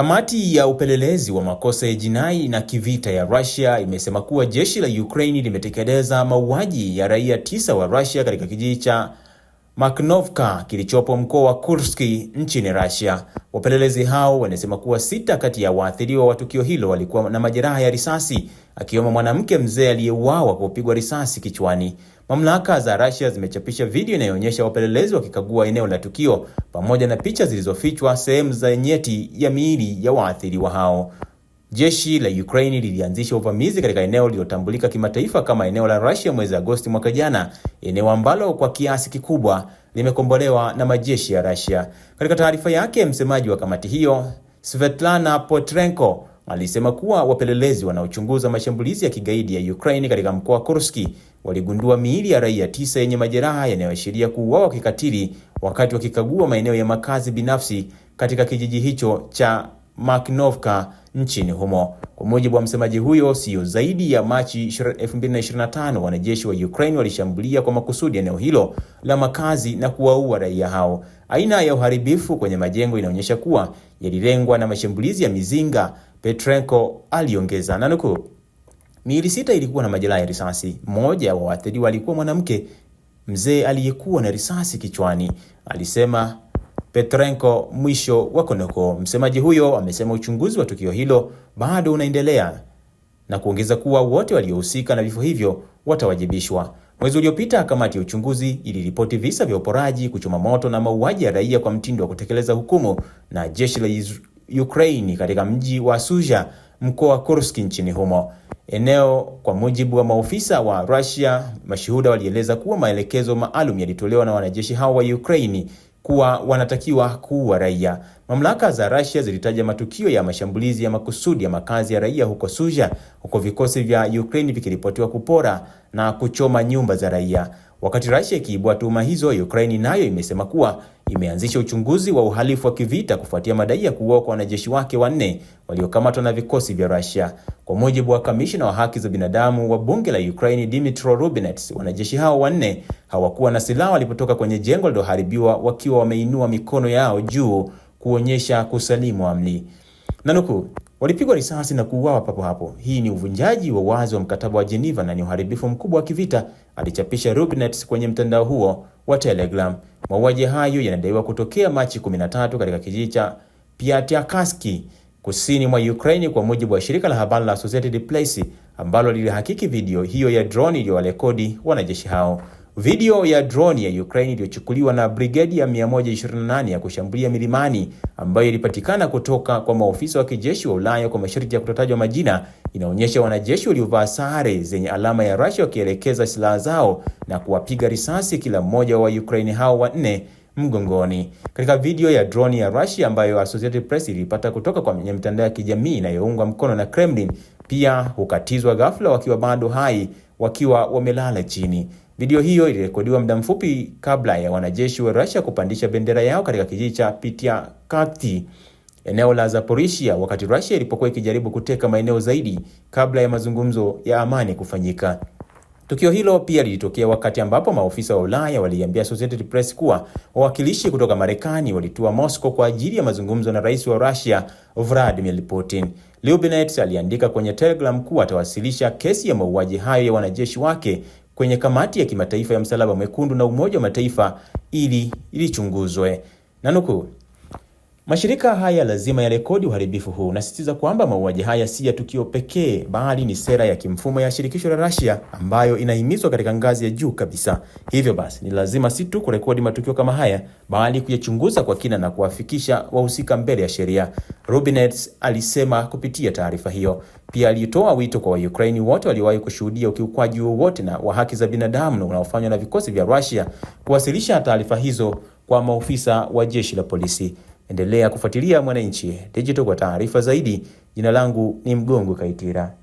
Kamati ya upelelezi wa makosa ya jinai na kivita ya Russia imesema kuwa jeshi la Ukraine limetekeleza mauaji ya raia tisa wa Russia katika kijiji cha Makhnovka kilichopo mkoa wa Kursk nchini Russia. Wapelelezi hao wanasema kuwa sita kati ya waathiriwa wa tukio hilo walikuwa na majeraha ya risasi, akiwemo mwanamke mzee aliyeuawa kwa kupigwa risasi kichwani. Mamlaka za Russia zimechapisha video inayoonyesha wapelelezi wakikagua eneo la tukio pamoja na picha zilizofichwa sehemu za nyeti ya miili ya waathiriwa hao. Jeshi la Ukraine lilianzisha uvamizi katika eneo lililotambulika kimataifa kama eneo la Russia mwezi Agosti mwaka jana, eneo ambalo kwa kiasi kikubwa limekombolewa na majeshi ya Russia. Katika taarifa yake, msemaji wa kamati hiyo, Svetlana Potrenko, alisema kuwa wapelelezi wanaochunguza mashambulizi ya kigaidi ya Ukraine katika mkoa wa Kursk waligundua miili ya raia tisa yenye majeraha yanayoashiria kuuawa kikatili wakati wakikagua maeneo ya makazi binafsi katika kijiji hicho cha Makhnovka nchini humo. Kwa mujibu wa msemaji huyo, siyo zaidi ya Machi 2025 wanajeshi wa Ukraine walishambulia kwa makusudi eneo hilo la makazi na kuwaua raia hao. Aina ya uharibifu kwenye majengo inaonyesha kuwa yalilengwa na mashambulizi ya mizinga, Petrenko aliongeza na nukuu, miili sita ilikuwa na majeraha ya risasi. Mmoja wa waathiriwa alikuwa mwanamke mzee aliyekuwa na risasi kichwani, alisema Petrenko, mwisho wa kunukuu. Msemaji huyo amesema uchunguzi wa tukio hilo bado unaendelea na kuongeza kuwa wote waliohusika na vifo hivyo watawajibishwa. Mwezi uliopita, kamati ya uchunguzi iliripoti visa vya uporaji, kuchoma moto na mauaji ya raia kwa mtindo wa kutekeleza hukumu na jeshi la Ukraine katika mji wa Suja, mkoa wa Kursk nchini humo. Eneo kwa mujibu wa maofisa wa Russia, mashuhuda walieleza kuwa maelekezo maalum yalitolewa na wanajeshi hao wa Ukraine kuwa wanatakiwa kuua raia. Mamlaka za Russia zilitaja matukio ya mashambulizi ya makusudi ya makazi ya raia huko Suja, huko vikosi vya Ukraine vikiripotiwa kupora na kuchoma nyumba za raia. Wakati Russia ikiibua tuhuma hizo, Ukraine nayo imesema kuwa imeanzisha uchunguzi wa uhalifu wa kivita kufuatia madai ya kuuawa kwa wanajeshi wake wanne waliokamatwa na vikosi vya Russia. Kwa mujibu wa kamishina wa haki za binadamu wa bunge la Ukraine Dmytro Rubinets, wanajeshi hao wanne hawakuwa na silaha walipotoka kwenye jengo lililoharibiwa wakiwa wameinua mikono yao juu kuonyesha kusalimu amri. Nanuku, walipigwa risasi na kuuawa papo hapo. Hii ni uvunjaji wa wazi wa mkataba wa Geneva na ni uharibifu mkubwa wa kivita, alichapisha Rubinets kwenye mtandao huo wa Telegram. Mauaji hayo yanadaiwa kutokea Machi 13 katika kijiji cha Piatiakaski kusini mwa Ukraine, kwa mujibu wa shirika la habari la Associated Press ambalo lilihakiki video hiyo ya drone iliyowarekodi wanajeshi hao. Video ya droni ya Ukraine iliyochukuliwa na brigedi ya 128 ya kushambulia milimani ambayo ilipatikana kutoka kwa maofisa wa kijeshi wa Ulaya kwa masharti ya kutotajwa majina inaonyesha wanajeshi waliovaa sare zenye alama ya Russia wakielekeza silaha zao na kuwapiga risasi kila mmoja wa Ukraine hao wanne mgongoni. Katika video ya droni ya Russia ambayo Associated Press ilipata kutoka kwa mitandao ya kijamii inayoungwa mkono na Kremlin, pia hukatizwa ghafla wakiwa bado hai wakiwa wamelala chini. Video hiyo ilirekodiwa muda mfupi kabla ya wanajeshi wa Russia kupandisha bendera yao katika kijiji cha Pyatykakty eneo la Zaporizhia, wakati Russia ilipokuwa ikijaribu kuteka maeneo zaidi kabla ya mazungumzo ya amani kufanyika. Tukio hilo pia lilitokea wakati ambapo maofisa wa Ulaya waliambia Associated Press kuwa wawakilishi kutoka Marekani walitua Moscow kwa ajili ya mazungumzo na rais wa Russia Vladimir Putin. Lubinets aliandika kwenye Telegram kuwa atawasilisha kesi ya mauaji hayo ya wanajeshi wake kwenye kamati ya kimataifa ya msalaba mwekundu na Umoja wa Mataifa ili ilichunguzwe. Nanukuu, Mashirika haya lazima yarekodi uharibifu huu. Nasisitiza kwamba mauaji haya si ya tukio pekee, bali ni sera ya kimfumo ya shirikisho la Russia ambayo inahimizwa katika ngazi ya juu kabisa. Hivyo basi, ni lazima si tu kurekodi matukio kama haya, bali kuyachunguza kwa kina na kuwafikisha wahusika mbele ya sheria, Rubinets alisema kupitia taarifa hiyo. Pia alitoa wito kwa Waukraini wote waliowahi kushuhudia ukiukwaji wowote na wa haki za binadamu unaofanywa na vikosi vya Russia kuwasilisha taarifa hizo kwa maofisa wa jeshi la polisi. Endelea kufuatilia Mwananchi Digital kwa taarifa zaidi. Jina langu ni Mgongo Kaitira.